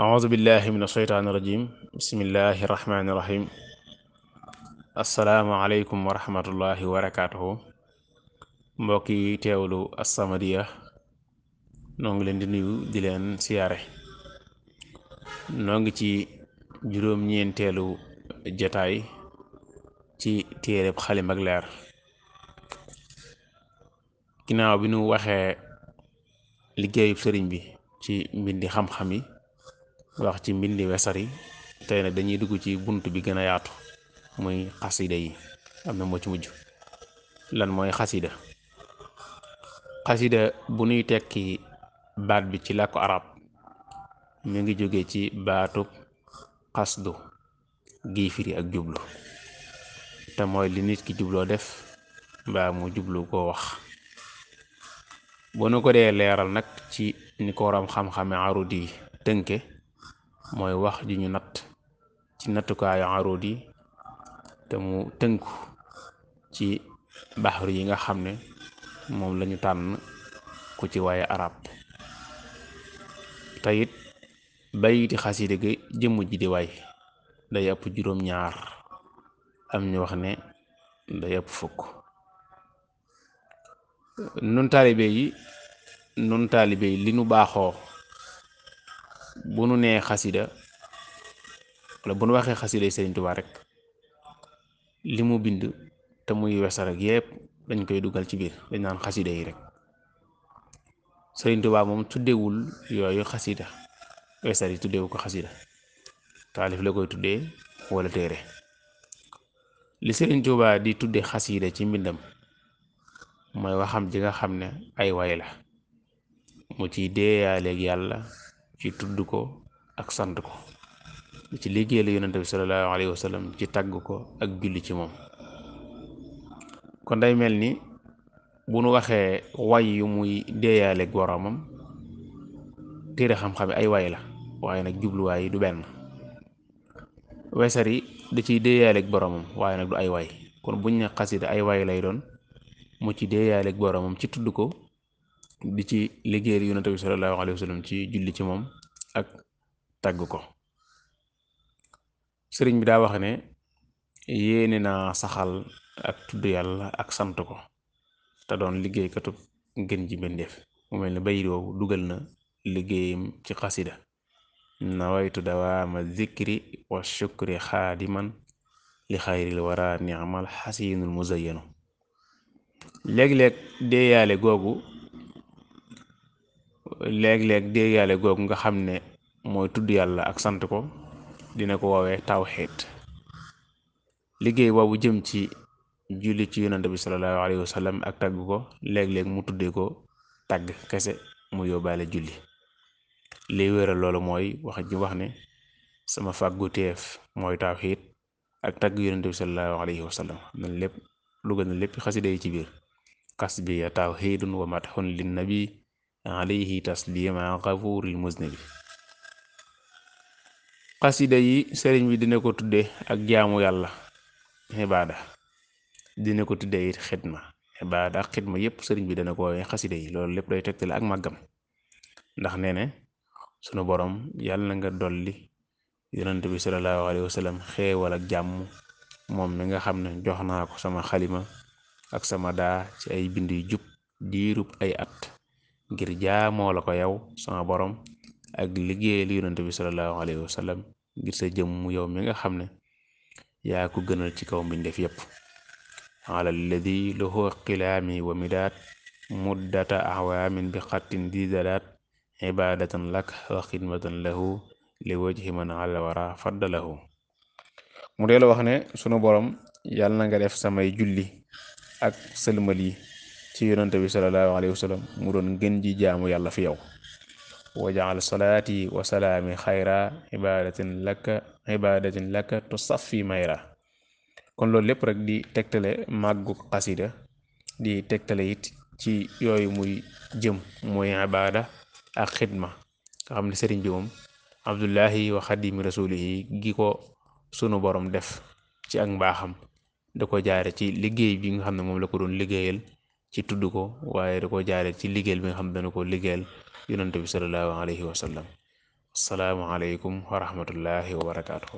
audu billahi min asheytaani irajim bismillahi irahmaani irahim asalaamualeykum wa rahmatullahi wa barakatuhu mbokk yi teewlu As-Samadiyya noo ngi leen di nuyu di leen siyaare noo ci juróom-ñeenteelu jataay ci téereb Xalimag Leer ginnaaw bi nu waxee liggéeyub sëriñ bi ci mbindi xam-xam yi wax ci mbindi wesar yi tey dañuy dugg ci bunt bi gën a yaatu muy xasida yi am na moo ci lan mooy xasida xasida bu nuy tekki baat bi ci làkku arab mu ngi jóge ci baatub xasdu gi ak jublu te mooy li nit ki jubloo def mbaa mu jublu koo wax bu nu ko dee leeral nag ci ni ko waram xam-xame arut yi tënke mooy wax ju ñu natt ci nattukaayu aruud yi te mu tënku ci baxru yi nga xam ne moom lañu tànn ku ci waaye arab teyit bayti xasida gi jëmm ji di waay day ëpp juróom ñaar am ñu wax ne day ëpp fukk nun taalibe yi nun taalibe yi li nu baaxoo bu nu nee xasida wala bu nu waxee xasida yi Sëriñ Tuubaa rek li mu bind te muy wesar yépp dañ koy dugal ci biir dañ naan xasida yi rek Sëriñ Tuubaa moom tuddewul yooyu xasida wesar yi tuddewu ko xasida taalif la koy tudde wala téere li Sëriñ Tuubaa di tudde xasida ci mbindam mooy waxam ji nga xam ne ay way la mu ciy déeyaaleeg yàlla ci tudd ko ak sant ko di ci liggéeyal yonente bi salallaahu alayhi wasallam ci tàgg ko ak julli ci moom kon day mel ni bu nu waxee way yu muy deeyaaleeg boromam téere xam-xam ay way la waaye nag jubluwaay yi du benn weesar yi da ciy deeyaaleeg boromam waaye nag du ay way kon buñ ne xasida ay way lay doon mu ci deeyaaleeg boromam ci tudd ko di ci liggéeyal yonent bi sallallahu alayhi wa sallam ci julli ci moom ak tàgg ko sëriñ bi daa wax ne yéene na saxal ak tudd yàlla ak sant ko te doon liggéeykatub ngën ji mbindeef mu mel ne bayit woowu dugal na liggéeyam ci xasida nawaytu dawaama zikri wa shukri xaadiman li xayril wara ni'mal xasiinul muzayyanu léeg-léeg deeyaale googu léeg-léeg déeyaale googu nga xam ne mooy tudd yàlla ak sant ko dina ko woowee xeet liggéey boobu jëm ci julli ci yonante bi salallaahu alayhi wa ak tagg ko léeg-léeg mu tuddee ko tagg kese mu yóbbaale julli li wéral loolu mooy wax ji wax ne sama fàggu teef mooy tawxiid ak tagg yonante bi salallaahu alayhi wa sallam lépp dugal na lépp xasida yi ci biir kas bi ya tawxiidun wa madxun linnabi alayhi taslima xafuuril musnid bi xasida yi sëriñ bi dina ko tudde ak jaamu yàlla ibaada dina ko tudde it xidma ibaada ak xidma yépp sëriñ bi dana ko xasida yi loolu lépp day tegtale ak màggam ndax nee ne sunu boroom yàlla na nga dolli yonent bi sallallahu alayhi wa sallam xéewal ak jàmm moom mi nga xam ne jox naa ko sama xalima ak sama daa ci ay bind yu jub diirub ay at ngir jaamoo la ko yow sama borom ak liggéey li yonante bi sallallahu alayhi ngir sa jëmm yow mi nga xam ne yaa ko gënal ci kaw mbiñ def yépp ala alladi lahu xilaami wa midaat muddata axwaamin bi xattin di dalaat lak wa xidmatan lahu li wajhi man ala wara faddalahu mu dee la wax ne sunu borom nga def samay julli ak sëlmal ci yonante bi salallaahu alayhi wa mu doon gën ji jaamu yàlla fi yow wa jaal salaati wa salaami xayra ibadatin lakka ibadatin lakka tu saffi mayra kon loolu lépp rek di tegtale màggu xasida di tegtale it ci yooyu muy jëm muy ibaada ak xidma xam ne sëriñ bi moom abdullahi wa xadimi rasulihi gi sunu borom def ci ak mbaaxam da ko jaare ci liggéey bi nga xam ne moom la ko doon liggéeyal ci tudd ko waaye da ko jaare ci liggéeyal bi nga xam ne dana ko liggéeyal yonante bi salallaahu alayhi wa sallam asalaamualeykum wa rahmatullahi wa barakaatu.